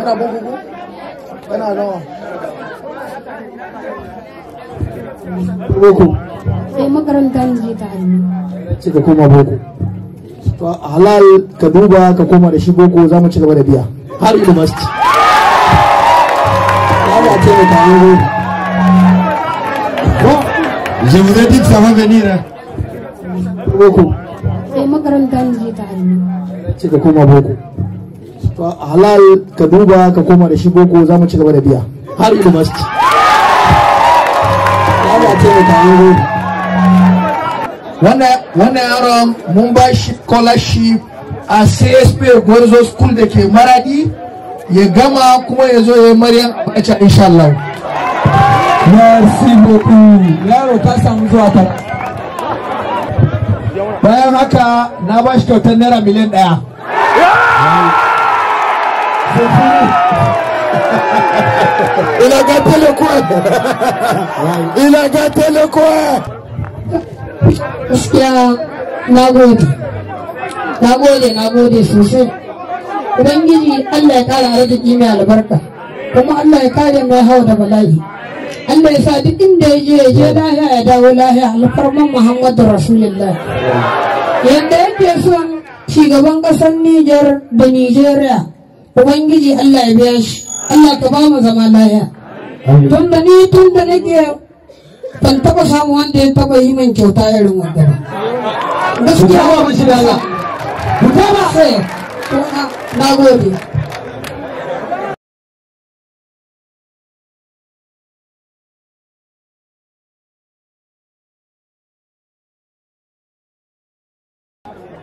kana boko ko kana nawa boko sai makaranta in je ta hannu cika ka koma boko to halal ka duba ka koma da shi boko za mu ci gaba da biya har university Allah ce yi kawo boko je vous ai dit que ça va venir boko sai makaranta in je ta hannu cika ka koma boko halal ka duba ka koma da shi boko za mu ci gaba da biya har university Allah taimaka mu wannan yaron mun ba shi scholarship a CSP Gwarzo School da ke Maradi ya gama kuma ya zo ya maryan abacha insha Allah Merci beaucoup yaro ka samu zuwa ta bayan haka na ba shi kyautar naira miliyan ɗaya Il a gâté le coin. Il a gâté le coin. na gode. Na gode, na gode sosai. Ubangiji Allah ya kara arziki mai albarka. Kuma Allah ya kare mai hau da bala'i. Allah ya sa duk inda ya je ya je lahiya ya dawo lahiya alfarman Muhammadu Rasulullah. Yanda yake son shugaban ƙasar Nijar da Nijeriya ubangiji Allah ya biya shi Allah ka ba mu zama laya tun da ni tun da nake ban taba samu wanda ya taba yi min kyauta irin wanda ba gaskiya ba mu shi da Allah ku ba sai na gode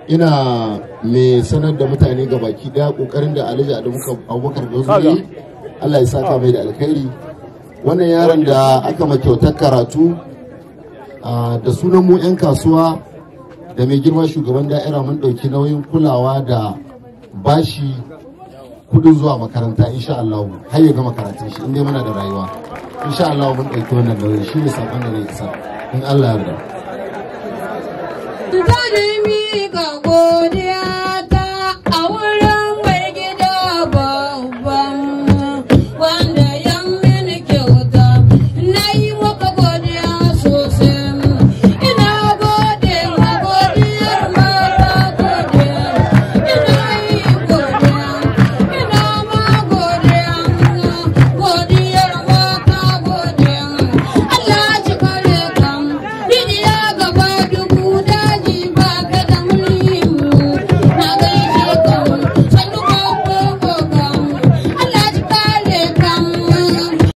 ina mai sanar da mutane ga baki daya kokarin da alhaji abubakar da yi allah ya saka mai da alkhairi wannan yaron da aka makyautar karatu da sunan mu 'yan kasuwa da mai girma shugaban da'ira mun dauki nauyin kulawa da bashi kudin zuwa makaranta insha Allah har ya gama karatun shi inda muna da rayuwa insha Allah mun ɗauki wannan nauyin shi ne sakon da na isa in Allah ya yarda.